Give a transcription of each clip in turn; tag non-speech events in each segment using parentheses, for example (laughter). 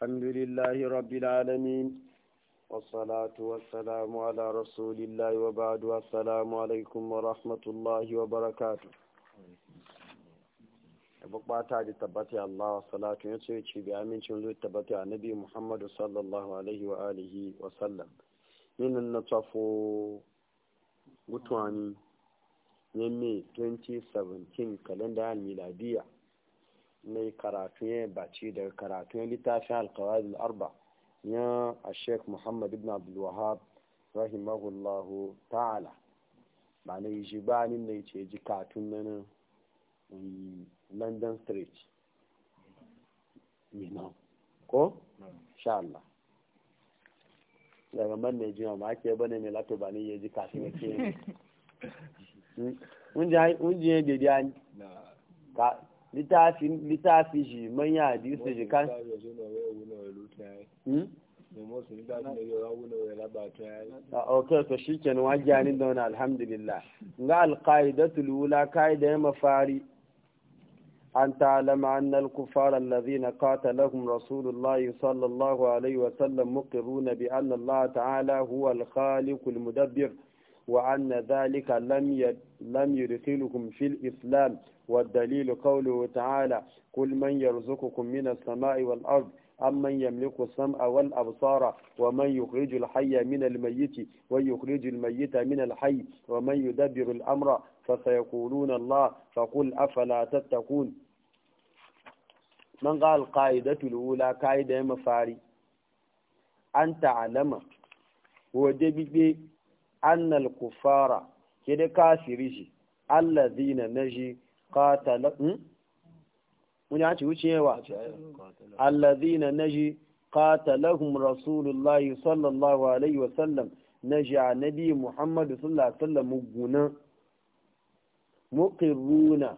الحمد لله رب العالمين والصلاة والسلام على رسول الله وبعد والسلام عليكم ورحمة الله وبركاته da tabbata Allah wa salatu ya ce ci bi amincin zuwa tabbata annabi Muhammadu sallallahu alaihi wa alihi wa sallam na tsafo gutuwani ne 2017 kalenda miladiya mai karatun baci daga karatun littafin alkawai arba ya a sheik muhammad ibn abdulwahab rahimahullahu ta'ala ba na yi shi ni na ce ji katun na london street ko? sha Allah daga man mai jiya ma ke bane mai lato ba ni ya ji katun na ke (laughs) hmm? ne unji ya dede littafi shi manya hadisi shi kan hmm? ah, ok to shi ke nwa gyanin da wani alhamdulillah ga alƙa'idatu lula ka'ida ya mafari an ta'alama annal kufarar lazina qatalahum rasulullahi sallallahu alaihi wasallam muqirruna bi anna Allah ta'ala huwa al mudabbir وأن ذلك لم لم يدخلكم في الإسلام والدليل قوله تعالى قل من يرزقكم من السماء والأرض أم من يملك السمع والأبصار ومن يخرج الحي من الميت ويخرج الميت من الحي ومن يدبر الأمر فسيقولون الله فقل أفلا تتقون من قال قاعدة الأولى قاعدة مفاري أن تعلم هو دبي annal kufara ke da kafiri shi allazina naji qatala hmm? mun ya ci wucewa allazina naji qatalahum rasulullah sallallahu alaihi wasallam naji annabi muhammad sallallahu alaihi wasallam guna muqirruna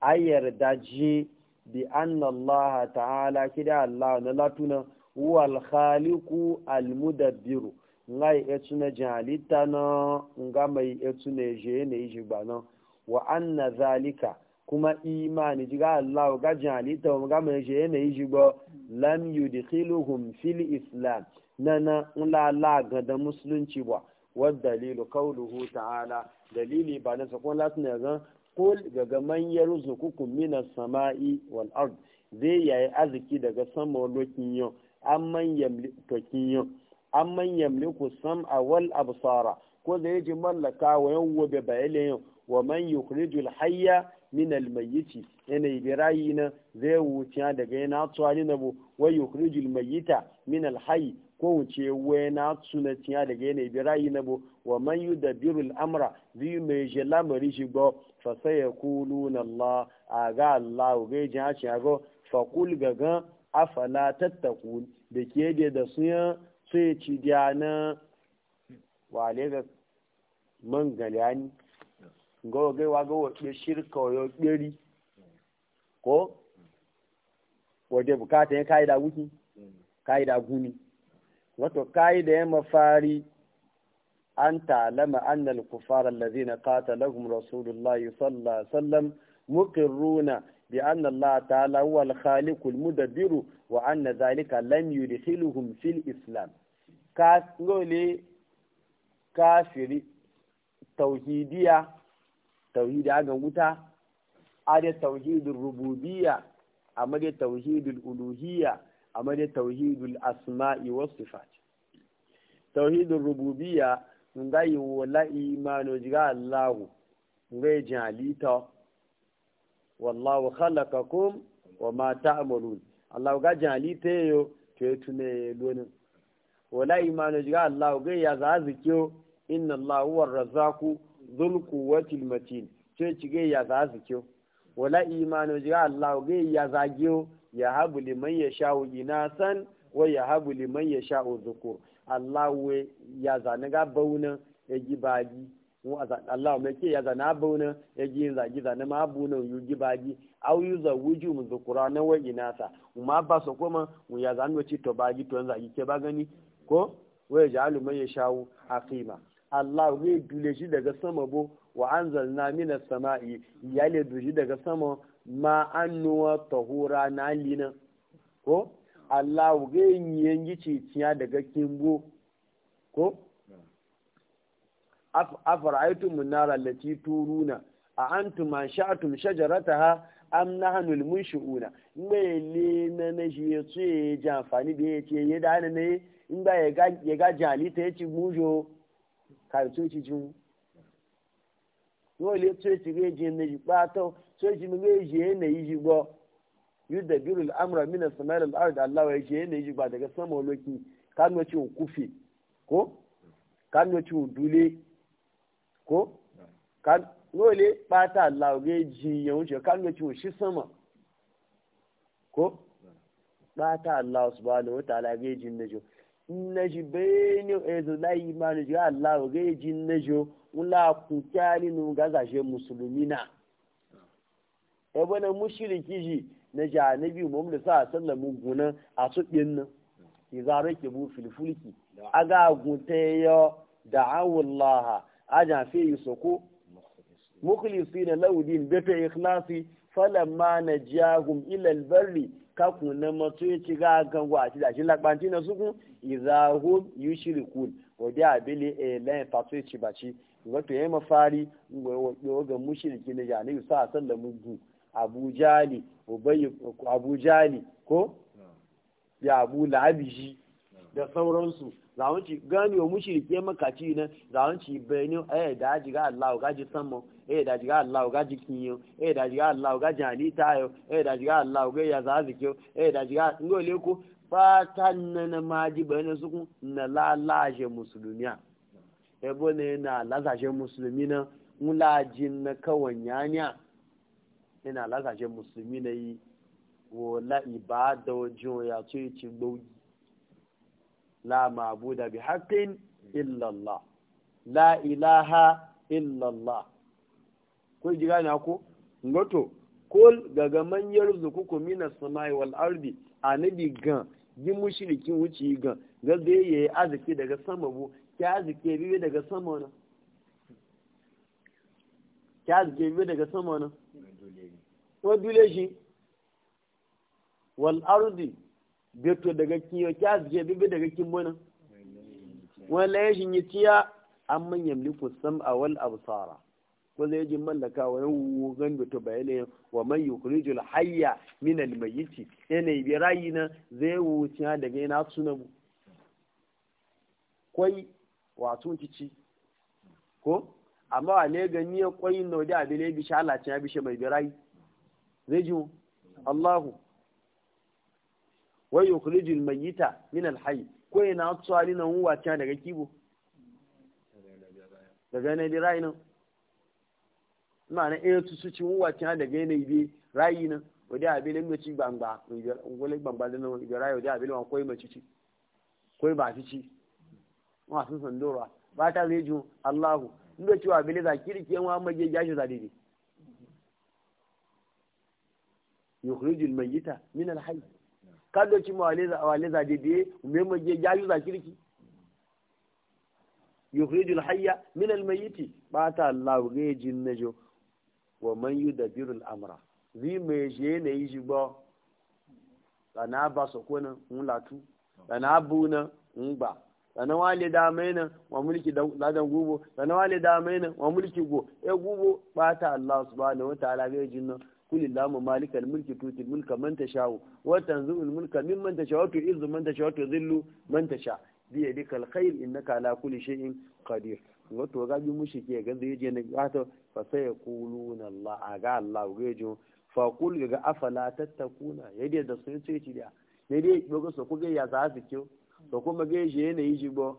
ayar daji bi anna ta'ala kida allah na latuna wal khaliqu al mudabbiru lai etu na jalita na nga mai etu na je na iji gbana wa anna zalika kuma imani jiga Allah ga jalita nga mai je ne iji gba lam yudkhiluhum fil islam nana la la ga da musulunci ba wa dalilu qawluhu ta'ala dalili ba na sakon latin ya zan kul daga man yarzuqukum minas sama'i wal ard zai yayi arziki daga sama lokin yau amman yamlikokin yau amman yamliku sam'a wal absara ko da yaji mallaka wa yawwa be bayalayin wa man yukhrijul hayya min al mayyiti yana ibirayi na zai wuce daga yana tsali na bu wa yukhrijul mayyita min al hayy ko wuce wena tsuna tiya daga yana ibirayi na bu wa man yudabbiru al amra zai mai jela mari shi go fa sayakuluna allah aga allah ga jin ha shi go fa kul gaga afala tattakun da ke da suyan sai ci diya na wale ga man galiyani gawa gaiwa ga ɗe shirka yau ɗari ko wadda bukata ya kayi da wuki kayi da guni wato kayi da ya mafari an talama annal kufar allazina qatalahum rasulullahi sallallahu alaihi wasallam muqirruna بأن الله تعالى هو الخالق المدبر وأن ذلك لم يدخلهم fil islam. ka kafiri tauhidiya tauhidi wuta ada tauhidin rububiyya a dai tauhidul uluhiya amma dai tauhidul asma'i was tauhidin rububiya, rububiyya ngai wala imanu jiga Allah ngai jalita wallahu khalaqakum wama ta'malun Allah ga jalita yo ke tune lonin wala imanu jiga Allah ga ya za zikiyo inna Allah huwa razzaku dhul quwwati matin ce ci ga ya za zikiyo wala imanu jiga Allah ga ya za giyo ya habu liman yasha'u inasan wa ya habu liman yasha'u dhukur Allah we ya za na ga bauna ya gi baji mu a Allah mai ke ya zana bauna ya ji yin zagi zana ma buna yu gi baji au yu za wuju mu zukura na wa inasa ma ba su kuma mu ya zanu ci to baji to zagi ke ba gani ko waya ja'alu man a aqima Allah zai dule shi daga sama bo wa anzalna minas sama'i ya le duji daga sama ma annuwa tahura na lina ko Allah zai yanyi ciciya daga kimbo ko afara'aytum an-nara allati turuna a antum sha'atum shajarataha am na hannun mun shi'una mele na na shi ya ya ji amfani da ya ce ya da ne in ba ya ga jalita ya ci mujo karto ci jin wọ́n lè tún èsì rẹ̀ jẹ́ ẹ̀nà yìí pátọ́ tó èsì mi rẹ̀ jẹ́ ẹ̀nà yìí gbọ́ yóò dẹ̀bi rẹ̀ amúra mí náà sàmáyà lọ́wọ́ àrùn wole bata lauge jiyan wuce kan ga ciwo shi sama ko bata Allah subhanahu wa ta'ala ga jin najo naji bene ezo lai manu ga Allah ga jin najo ula ku kyali nu ga gashe musulmina e bana mushriki ji na ja nabi Muhammad sallallahu alaihi wasallam guna a su din nan izare ke bu filfulki aga gunte yo da'awullaha aja fi yi yusoko mukhlisina lahu laudin bi ta ikhlasi falamma najahum ilal bari kaku na mato ya ci ga gangwa ci da shi lakbanti na suku izahum yushrikun wadi abili e eh, lan fato ya ci baci wato yayi mafari ngwa ga mushriki na jani sa sallamu gu abu jali ubayy abu jali ko ya abu labishi da sauransu zawon ci gani wa mushrike makaci na zawon ci bayani eh da ji ga Allah ga ji sammo eh da ji ga Allah ga ji kinyo eh da ji ga Allah ga ji halita yo eh da ji ga Allah ga ya zazike eh da ji ga ngole ko fatan na ma bayani su kun na lalaje musulmiya ebo ne na lalaje musulmi na mulajin na kawanyanya ina lalaje musulmi na yi wo la ibada ojo ya to yi ci la ma'buda bi haqqin illallah la ilaha illallah ko ji na ko ngoto kol daga man yarzukuku minas samai wal ardi anabi gan yi mushrikin wuce gan ga zai yayi arziki daga sama bu ki arziki bibi daga sama na ki arziki bibi daga sama na wa dule shi wal ardi beto daga kiyo kya je bibi daga kin mona wala yi nitiya an yamliku sam'a a wal absara ko zai ji mallaka wa yau wogan beto bayanayin wa man yukhrijul hayya min al mayyiti ene bi rayina na zai wuce daga yana suna bu kwai wato cici ko amma a ne gani ya kwai no da abin bi shala ya bi mai birayi zai ji Allahu wa yukhrijul mayyita min al hayy ko ina tsari nan uwa ta daga kibo daga ne dai rayi nan ma'ana eh tu su ci uwa ta daga ne bi rayi nan wadi abin da mace gbangba wani gbangba da nan ga rayi wadda abin da koi mace ci koi ba ci ci wa sun san dora ba ta zai ju Allahu inda cewa abin da kirki yan wa mage ya shi zadidi yukhrijul mayyita min al hayy kado ci ma wale zaje biye ume maje je jayu za kirki yukhrijul hayya min almayiti mayyiti ba ta Allah jin najo wa man yudabbiru al amra zi mai je ne yi shi ba na ba su kuna nan mun latu lana bu na mun ba lana wale da mai wa mulki ladan gubo na wale da mai nan wa mulki go e gubo ba ta Allah subhanahu wa ta'ala ga jin nan kulli lamu malik al-mulki tuti mulka man tashau wa tanzu'u al-mulka mimman tashau tu izu man tashau wa zillu man tasha bi yadika al innaka ala kulli shay'in qadir wato ga bi mushike ga zai je na wato fa sai yaquluna Allah aga Allah ga je fa qul ga afala tattakuna yadda da sun ce ci da yadda ga su ku ga ya za su kyo to kuma ga je ne yi jibo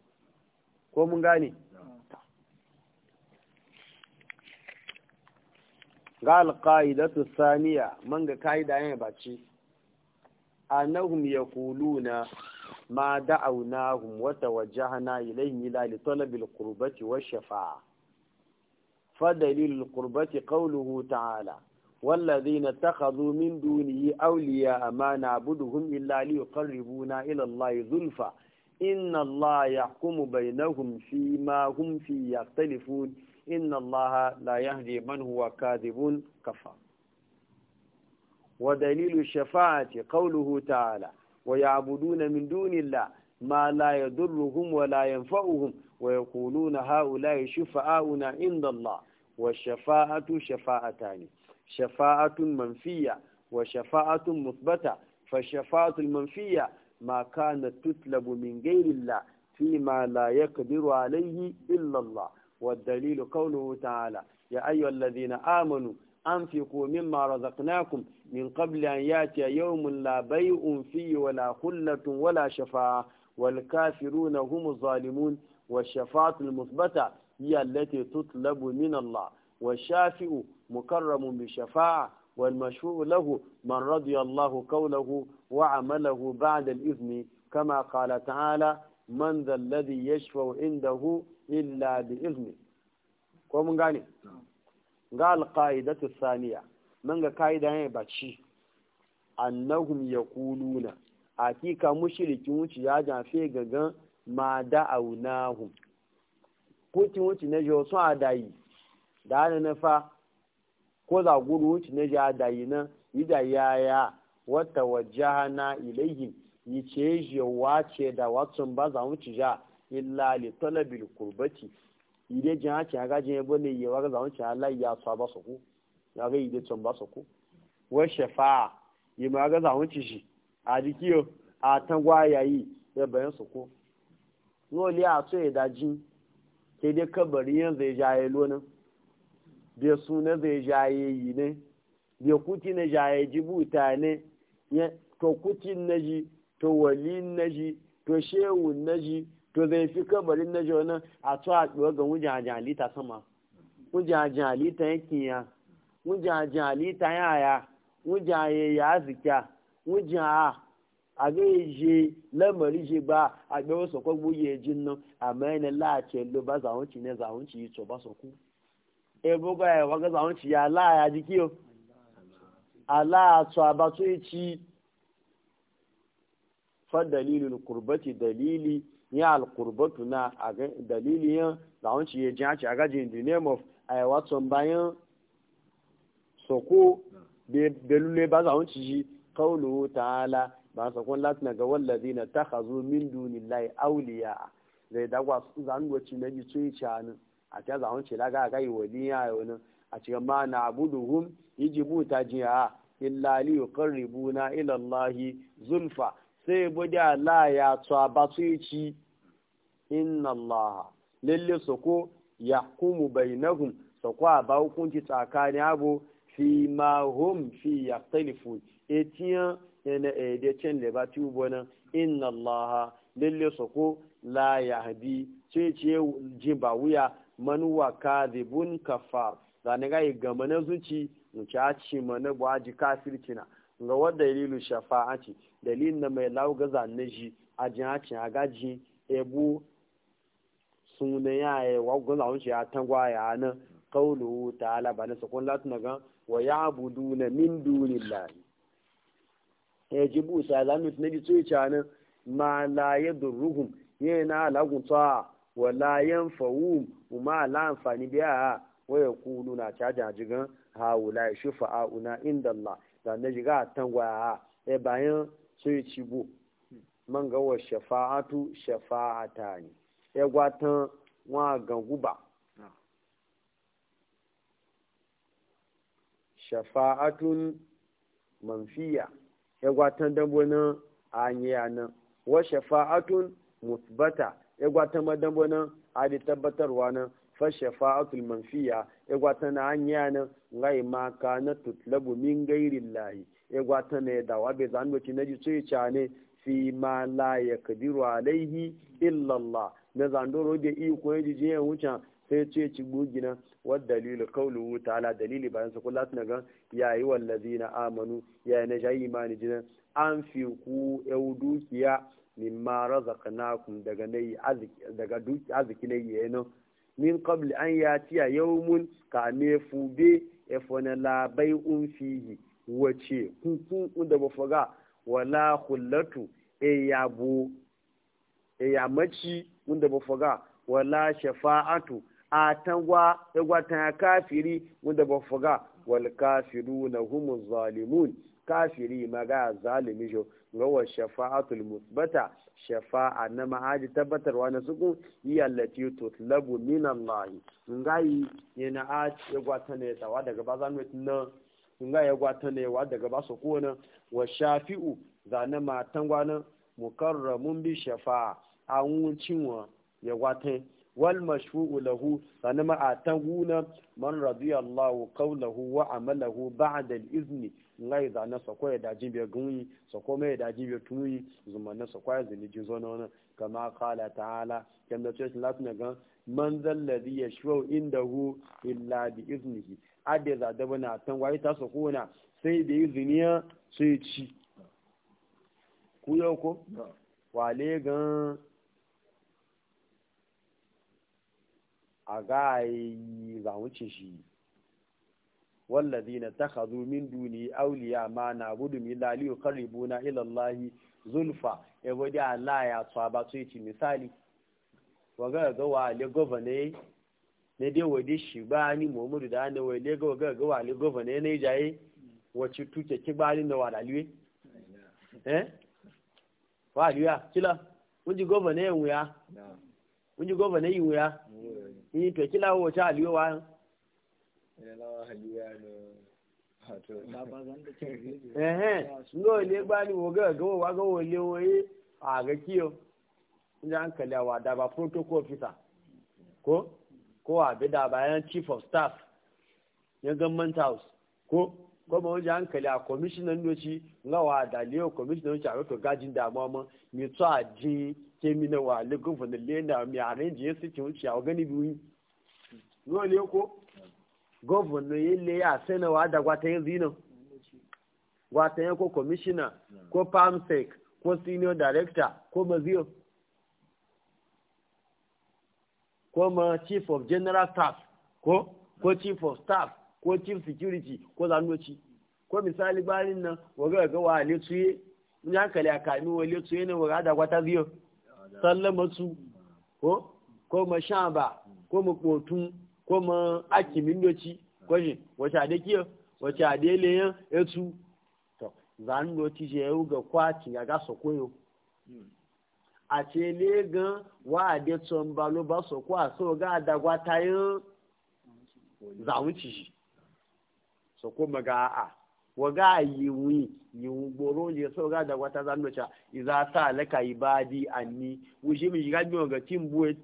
ko mun gane ga alƙa'idatu saniya man ga ka'ida yana baci annahum yaquluna ma da'awnahum wa tawajjahna ilayhi la li talabil qurbati wash shafa'a fa dalilul qurbati qawluhu ta'ala والذين min من دونه أولياء ما illa إلا ليقربونا إلى الله zulfa. inna Allah ya bai na fi ma humfi fi yaktalifun inna Allah la yahdi man huwa kadhibun kafa wa dalilu shafa'ati qawluhu ta'ala wa na min dunillah ma la yadurruhum wa la yanfa'uhum wa yaquluna ha'ula'i shufa'auna inda Allah wa shafa'atu shafa'atani shafa'atun manfiya wa shafa'atun musbata fa shafa'atun manfiya ما كانت تسلب من غير الله فيما لا يقدر عليه إلا الله والدليل قوله تعالى يا أيها الذين آمنوا أنفقوا مما رزقناكم من قبل أن يأتي يوم لا بيء فيه ولا خلة ولا شفاعة والكافرون هم الظالمون والشفاعة المثبتة هي التي تطلب من الله والشافع مكرم بالشفاعة والمشفوع له من رضي الله قوله وعمله بعد الإذن كما قال تعالى من ذا الذي يشفع عنده إلا بإذنه ومن قال قال قاعدة الثانية من قاعدة باتشي أنهم يقولون أتيك مشرك يجعل في غنغان ما دعوناهم كنت وانت نجو صعدائي دعنا نفا ko za gudu wuce na ja dayi nan yi da yaya wata wajahana ilayhim yi ce wace da watsun ba za mu ci ja illa li talabil qurbati ide jin hace ga jin yabo ne za mu ci Allah ya sa ba su ku ya ga ide tun ba su ku wa shafa'a yi ma ga za mu ci shi a dikiyo a tangwa yayi ya bayan su ku no li a so ya ke dai kabari yan zai jaye lonin bai zai yi ne bai kuti na jaye jibuta ne to kutin naji to walin naji to shehun naji to zai fi kabarin naji wani a to a ɗuwa ga wujajen halitta sama wujajen halitta ya wujajen halitta yaya wujaye ya zika wujaye àbí a lẹ́mọ̀rí ṣe lamari àgbẹ̀wò sọ̀kọ́ gbóyè ẹjì ná àmọ́ ẹni láàkì ẹ̀ ló bá zàwọn tì ní zàwọn tì í tọ̀ bá sọ̀kú. ebogo ẹ̀ wọ́n gẹ́sà àwọn tì í aláàyà di kí o. alatu abatu ichi fa dalilul qurbati dalili ya al qurbatu na dalili ya lawon ci ya ji a ci the name of ayawa some bayan soko da lule ba za ci ji qawlu ta'ala ba sakon latin ga wallazi na ta hazo min dunillahi auliya zai dagwa zangoci na bi tun ci a za a ta la laga yi gai waliya yau nan a cikin ma na abuduhum yi ta jiya illa li yuqarribuna ila Allah zulfa sai bude la ya tsawa ba inna Allah lalle soko yahkumu bainahum ko ba hukunci tsakani abu fi ma hum fi yaqtalifu etiyan ene edecen da ba tu bona inna Allah lalle suku la yahdi sai ce jin wuya man wa kadhibun kafar zane ga yi gama na zuci mu ci aci mana bu aji kafirci na ga wadda dalilu shafa aci dalilin na mai ga zane ji a jin aci a gaji ebu sunan ya yi e, wa gunza wuce ya tangwa ya ana kaulu ta alaba na sakon latin gan wa ya abudu na min dunin lahi ya e ji busa zamit na ji tsoye canin ma la ya durruhum yana lagunta wa la ya fa'um ma la amfani biya waya kulu na caja jigan haula shufa'auna inda Allah da na jiga tangwaya e bayan sai cibo man ga wa shafa'atu shafa'atani e gwatan wa ba shafa'atun manfiya ya gwatan dambonin anyiyanan wa shafa'atun musbata ya gwatan madambonin adi tabbatarwa nan fa shafa'atul manfiya ya e gwata na hanya nan ngai ma ka na tutlabu min ghairillahi ya e gwata ne da wabe zan wuce na ji ce ne fi ma la yakdiru alaihi illa Allah na ro da iko ko ji ya e wuce sai ce ci gugina wad dalil qawluhu ta'ala dalili bayan sa kullu na ga ya yi wallazina amanu ya na jayi imani jinan an fi ku yaudukiya mimma razaqnakum daga nayi arziki daga duki azki nayi yayin min qabl an ya yawmun ka me fube e fona la un fihi wace kuku da faga wala khullatu e bu e yamaci da faga wala shafa'atu a tangwa e gwata ya kafiri da faga wal kafiruna humu zalimun kafiri maga zalimi jo gawa shafa'atul musbata shafa'a na ma'aji tabbatarwa na suku yi allati tutlabu min Allah ngai yana a ya gwata ne tawa daga ba zan mutu na gayi ya gwata ne wa daga ba su kona wa shafi'u zane ma tangwana mukarramun bi shafa'a an wucinwa ya gwata wal mashfu'u lahu za ma a tanguna man radiyallahu qawlahu wa amalahu ba'da al-izni ngai da na sako ya daji biya gunyi sako mai daji biya tumuyi zuma na sako ya zini jizo na kama kala ta'ala kyan da cikin latin na gan man zalladi ya shiro inda hu illa bi iznihi da za da bana tan wai ta sako na sai da izini ya sai ci ku yau ko wale gan a ga yi zawuncin shi wallazi na taka zo min duni auliya ma na gudu mi laliyu karibu na ilallah zulfa ya gudu a laya tuwa ba misali wagara gawa alegova na na dai wadi shi ba a da ana wai legawa gara gawa alegova na na yi jaye wacce tuke ki na wa laliwe eh wa aliyu kila wunji gova na ya wuya wunji gova na ya wuya yi to kila aliyu wa ẹ̀hẹ́n ńgọ́ ilé gbá ní wọ́gẹ́ ẹ̀gọ́wọ́ wágọ́wọ́ ilé wọ́yé ààrẹ kí o ní à ń protocol officer ko ko daba bayan chief of staff yan government house ko goma wajen hankali a kwamishinan doci ngawa da leo kwamishinan doci a roto gajin damuwa ma mai tso a ji kemi na wa legun fana lena mai arrange ya suke wuce a gani biyu yau ne ko gwamnan yalle ya sanawa da gwatayen zinan gwatayen ko commissioner mm. ko palmsec ko senior director ko mazio ko ma chief of general staff ko ko mm. chief of staff ko chief security ko zanoci ko misali barin nan waga ga wale tuye in hankali a kami wale tuye ne waga da gwata ziyo sallama su ko ko ma shamba mm. ko ma kotun ko ma akimin doci ko wace ade kiyo wace ade leyan etu to zan doci je yau ga kwaci ga ga sokoyo hmm. a ce le gan wa ade tson ba lo ba soko a so ga adagwa tayin zawunci shi soko maga a'a waga yiwi yiwu gboro je so ga adagwa ta zan doci iza sa alaka ibadi anni wuje mi ga mi ga timbuwe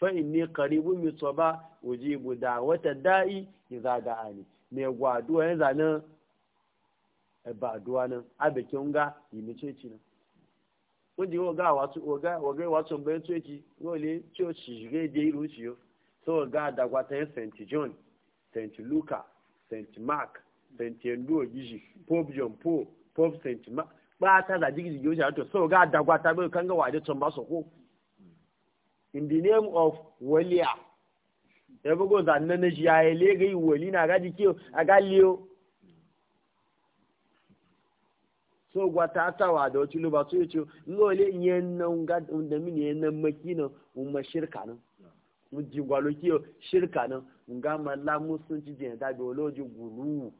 fa inni qaribun min saba ujibu da'wata da'i idza da'ani me gwadu yan na ba aduwa nan abikin ga yimi ceci nan wọ́n di ọgá àwàtú ọgá ọgá ìwàtú ọgbẹ́ tó èjì wọ́n lè tí ó o st john st st mark st pope john pope st mark in the name of waliya ya bugo zannan na shi ya yi legai wali na gaji kiyo a galiyo so gwata tawa da wacce luba so yace ngole yen nan ga da mini yen nan makina mun ma shirka nan mun ji gwalo kiyo shirka nan nga malla musun ji jin da biology gulu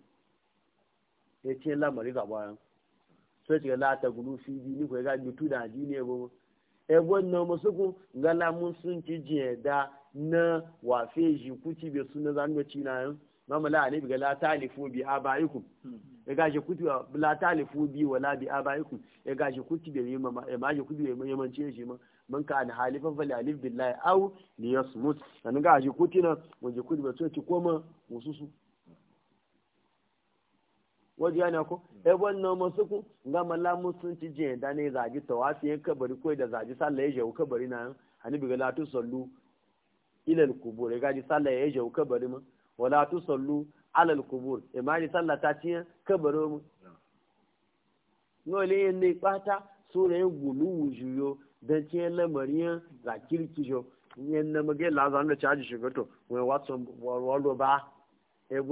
ya la mari ga bayan so yace la ta gulu fi bi ni ko ga bitu da ji ne bo ebon na musuku gala mun sun ci da na wafe ji kuti be sun na zanuwa cina yin eh? mama la ne biga la talifu bi abaikum hmm. e ga je kuti la talifu bi wala bi abaikum e ga je kuti be yima e ma je kuti be yamanci ji ma man ka an halifan fali alif billahi aw li yasmut an ga je kuti na mun je kuti be so ci koma mususu waje yana ko e wannan masu ku ga mala musulunci jiya da ne zaji tawafi yan kabari ko da zaji sallah ya jawo kabari na annabi ga latu sallu ila al-qubur ga ji sallah ya jawo kabari ma wala tu sallu ala al-qubur e ma ni sallah ta mu hmm. no le yin ne pata sura yin gulu juyo dan ciya lamariyan zakirki jo yin na mage lazan da caji shigato wani watson wallo ba e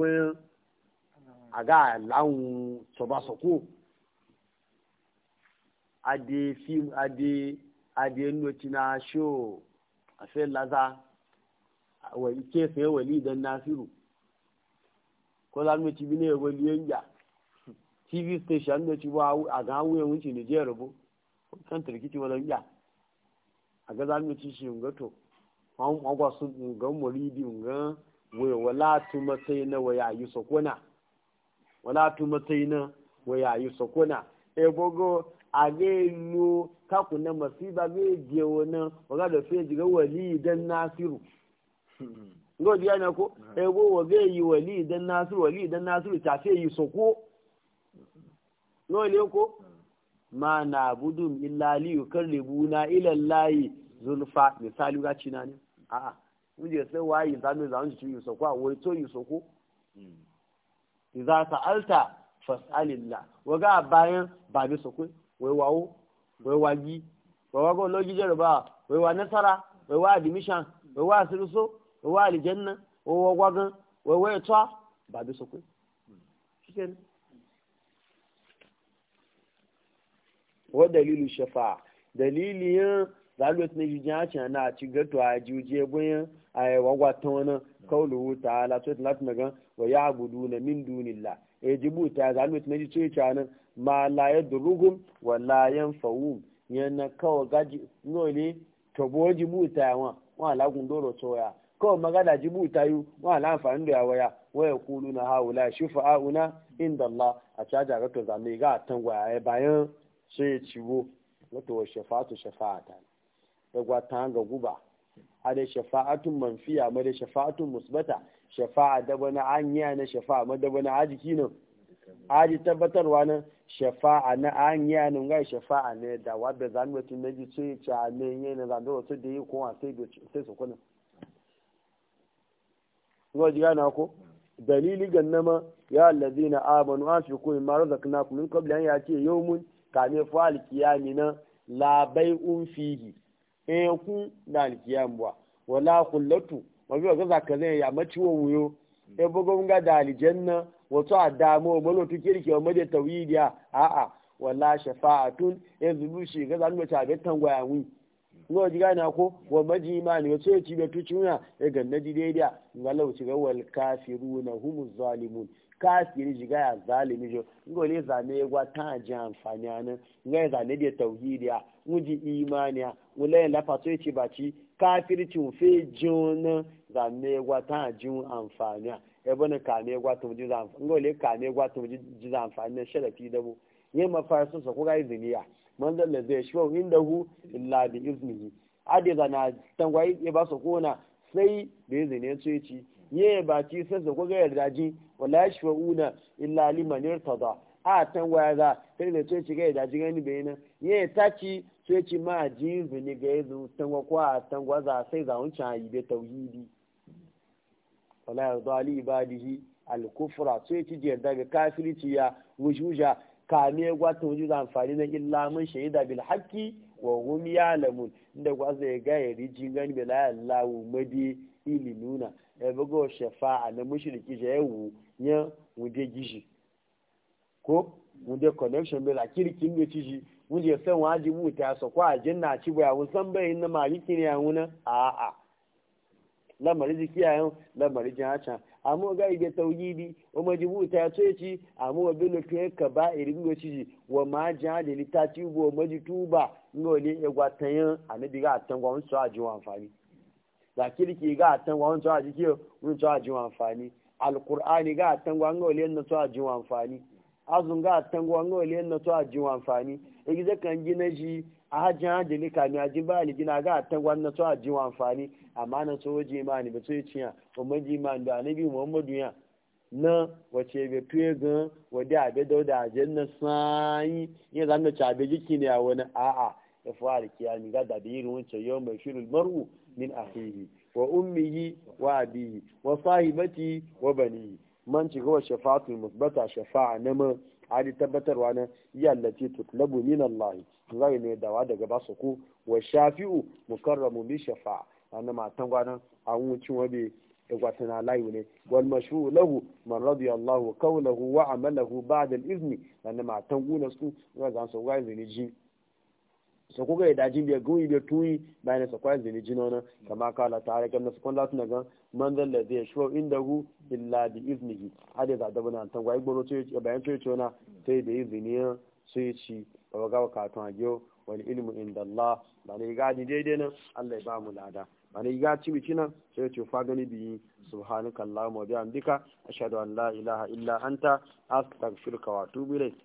aga lawun sobasoko ade film ade ade nnoci na show a fe laza wani kefe wali don nasiru ko la nnoci bi ne ya yanja tv station nnoci ba a ga wuya wuce nijiyar bu kan tarkici wani ya a ga za nnoci shi ngato an kwa sun ngan moridi ngan wai wala tu matsayi na waya yi sokona wala tu matsayina waya yayi sokona e bogo age lu kaku na masiba be je wona waga da fe jiga wali dan nasiru (laughs) ngo diya na ko e bo wa be yi wali dan nasiru wali dan nasiru ta fe yi soko no le ko ma na budu illa li yukarribuna ila allahi zulfa misali ga cina a a'a mun je sai wayi zanu zanu ci yi soko a wai to yi soko hmm. idza alta fasalilla waga bayan ba bi kun wai wawo wai wagi wai wago logi jeruba wai wa nasara wai wa admission wai wa sirso wai wa aljanna wai wa gwagan wai wai twa ba bi kun shiken wa dalilu shafa dalilin zalwat ne jijin a ci na ci gato a jiye boyan aya wagwa ta wani hmm. kaulu ta ala sai na gan wa ya gudu na min dunilla e jibu ta za mu tuna ji ce canan ma la yadruhum wa la yanfa'um yana kawa gaji ngole to bo jibu ya wa wa la gun doro toya ko magana ji ta yu wa la amfani da waya wa yaquluna haula shufa'una inda Allah a caja ga to zame ga tangwa e bayan sai ciwo wato shafa'atu shafa'atan yagwa e, tanga guba ada shafa'atun manfiya ma da shafa'atun musbata shafa'a da bana anya na shafa'a ma da bana ajiki nan aji tabbatarwa nan shafa'a na anya na ga shafa'a ne da wadda zan mutu na ji ce ta ne yana zan da wasu da yi ko a sai sai su kuna ko ji gana ko dalili gannama ya allazina amanu anfiqu kuna razaqnakum min qabli ce yau mun kame fa alkiyami na labai un fihi eku eh, da alkiyamwa wala kullatu wabi kaza zaka zai ya maci wa wuyo hmm. e eh, bugo ga da aljanna wato adamu malo tu kirki wa made tawidiya a a wala shafa'atun e zubu shi ga zanu ta ga tangwaya wi hmm. ko ji gana ko wa maji imani wato ya ci be tuciya e ganna ji daidai ngalau ci ga wal kafiruna humuz zalimun kafiri jiga ya zalimi jo ngo le zane gwa ta ji amfani ana ngo ya zane da tauhidi a muji imani ya wala la fato yace baci kafiri ci fe jona zane gwa ta ji amfani a e bana ka ne gwa to ji zan ngo le ka ne gwa to ji zan amfani na sharafi ti bu ye mafarsu so ko ga izini ya man da zai shi wa indahu illa bi iznihi ade zana tangwai ya ba su kona sai da izini ya ce ci ye baci sai so ko ga yarda ji wala yashfa'una illa liman irtada a tan waya za sai da ce shiga da jiga ni bayina ye taki sai ci ma jin zuni ga yanzu tan wa kwa tan wa za sai za wuce yi be tauhidi wala yarda li ibadihi al kufra sai ci je daga kafirci ya wujuja gwa ta wujudu amfani na illa mun shaida bil haqqi wa hum ya'lamun inda gwa ya ga ya rijin gani bela Allah madi ilinuna ebogo shafa'a na mushriki je yawu ya wude gishi ko wude connection bela akiri kin ne ciji wude san waji mu ta so kwa jinna ci wun san na maliki ne na a a lamari jiki yayin lamari jacha amu ga ibe o majibu ta ce ci amma wa bin ke ka ba irin go ciji wa ma litati anabi ga tan so amfani za kirki ga tan wa wancan aji kiyo wancan aji wa amfani alkur'ani ga tan wa ngole na to aji wa amfani azun ga tan wa ngole na to aji wa amfani egize kan gina ji a hajjin hajjili kami aji ba ni gina ga tan wa na to aji wa amfani amma na so ji ma ni so yi ciya umma ji imani da anabi muhammadu ya na wace bai tuye gan wadda abe dauda ajen na sanyi yin zanen cabe jiki ne a wani a'a ya fara kiyami ga da biyu wancan yau mai shirin mar'u min ahihi wa ummihi wa abihi wa sahibati wa banihi man ci gawa shafa'atul musbata shafa'a na man hadi tabbatarwa na yallaci tutlabu min Allah zai ne dawa daga basu ku wa shafi'u mukarramu bi shafa'a wannan matan gwanan an wucin wabe gwatana layu ne wal mashru lahu man radiyallahu qawlahu wa amalahu ba'da al-izni wannan matan guna su ga zan so ji so kuga dajin biya gumi biya tuyi bayan sa kwayan zini jino na kama kala ta kan na sukun latu na gan manzan da zai shiro inda hu illa bi iznihi hade za da bana tan gwai gboro bayan to na sai da izini ya sai ci ba ga ka tun giyo wani ilmu inda Allah ba ne ga ji daidai nan Allah ya ba mu lada ba ne ga ci biki nan sai ce fa gani bi subhanakallahumma wa bihamdika ashhadu an la ilaha illa anta astaghfiruka wa atubu ilayk